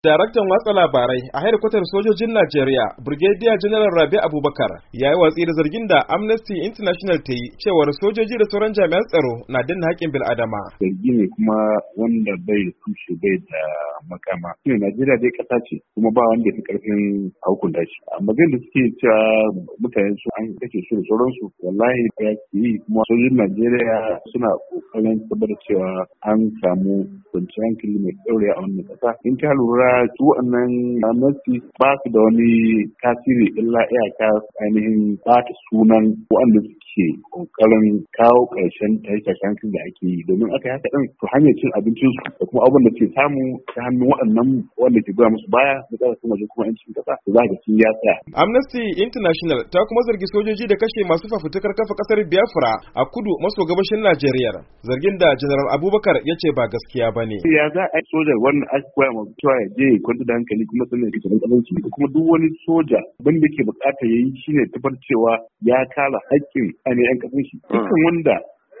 Daraktan watsa labarai a hedikwatar sojojin Najeriya, Brigadier General Rabi Abubakar, ya yi watsi da zargin da Amnesty International ta yi cewar sojoji da sauran jami'an tsaro na danna haƙƙin bil'adama. Zargi ne kuma wanda bai tushe bai da makama. Shine Najeriya dai ƙasa ce kuma ba wanda ya fi ƙarfin hukunta shi. Amma da suke cewa mutane su an kashe su da sauransu wallahi ya yi kuma sojojin Najeriya suna ƙoƙarin tabbatar cewa an samu kwanciyar hankali mai ɗaure a wannan ƙasa. In ka lura su wannan amurci ba su da wani tasiri illa iyaka ainihin ba ta sunan wanda suke ce kokarin kawo ƙarshen tarihi tashen da ake yi domin aka yi haka ɗin to hanyar cin abincin su da kuma abin da ke samu ta hannun waɗannan wanda ke goya masu baya da ƙasa kuma kuma 'yancin ƙasa za ka ci ya tsaya. Amnesty International ta kuma zargi sojoji da kashe masu fafutukar kafa ƙasar Biafra a kudu maso gabashin Najeriya zargin da General Abubakar ya ce ba gaskiya ba ne. Ya za a yi soja wannan aka koya ma cewa ya je kwanta da hankali kuma sannan ya kashe kuma duk wani soja abin da ke buƙatar ya yi shi ne tabbatar cewa ya kala haƙƙin a ne 'yan shi hmm. dukkan wanda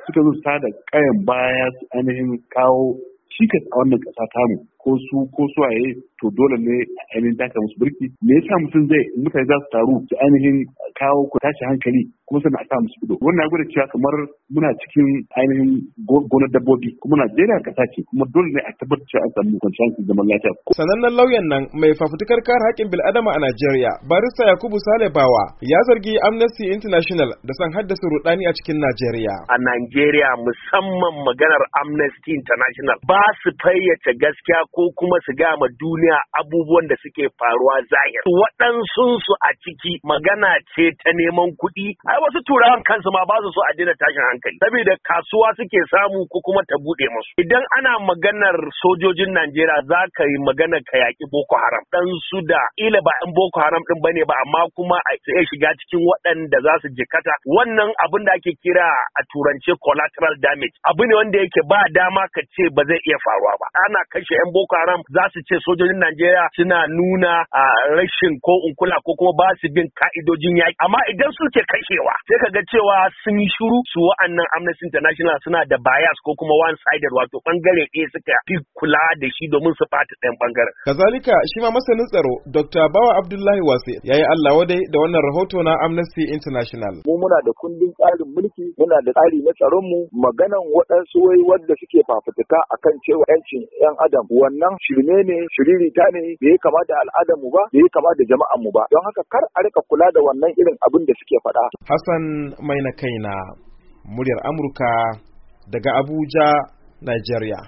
suka zo sada kayan baya su ainihin kawo cikas a wannan ƙasa tamu ko su ko su waye to dole ne ainihin taka musu birki me yasa mutum zai mutane za su taru su ainihin kawo ku tashi hankali kuma sannan a sa musu ido wannan gwada cewa kamar muna cikin ainihin gonar dabbobi kuma Najeriya kasa ce kuma dole ne a tabbatar cewa an samu kwanciyar zaman lafiya. sanannen lauyan nan mai fafutukar kare haƙƙin bil'adama a Najeriya barista Yakubu Sale Bawa ya zargi Amnesty International da san haddasa rudani a cikin Najeriya. A Najeriya musamman maganar Amnesty International ba su fayyace gaskiya ko kuma su gaya ma duniya abubuwan da suke faruwa zahir waɗansunsu a ciki magana ce ta neman kuɗi ai wasu turawan kansu ma ba su so a daina tashin hankali saboda kasuwa suke samu ko kuma ta buɗe musu idan ana maganar sojojin Najeriya za ka yi magana ka yaƙi Boko Haram dan su da ila ba in Boko Haram ɗin bane ba amma kuma a iya shiga cikin waɗanda za su jikata wannan abin da ake kira a turance collateral damage abu ne wanda yake ba dama ka ce ba zai iya faruwa ba ana kashe 'yan Boko Haram za su ce sojojin Najeriya suna nuna a rashin ko unkula ko kuma ba su bin ka'idojin yaƙi. Amma idan suke kashewa sai ka ga cewa sun yi shiru su wa'annan Amnesty International suna da bias ko kuma one sided wato bangare ɗaya suka fi kula da shi domin su fata ɗayan bangaren. Kazalika shi ma masanin tsaro Dr. Bawa Abdullahi Wase ya yi Allah wadai da wannan rahoto na Amnesty International. Mu muna da kundin tsarin mulki muna da tsari na mu, maganan waɗansu wai wadda suke fafutuka akan cewa 'yancin 'yan adam wannan shirme ne shiririta ne da ya kama da al'adar mu ba da ya kama da jama'an mu ba don haka kar a rika kula da wannan irin abin da suke faɗa. Hassan mai na kaina muryar Amurka daga Abuja, Nigeria.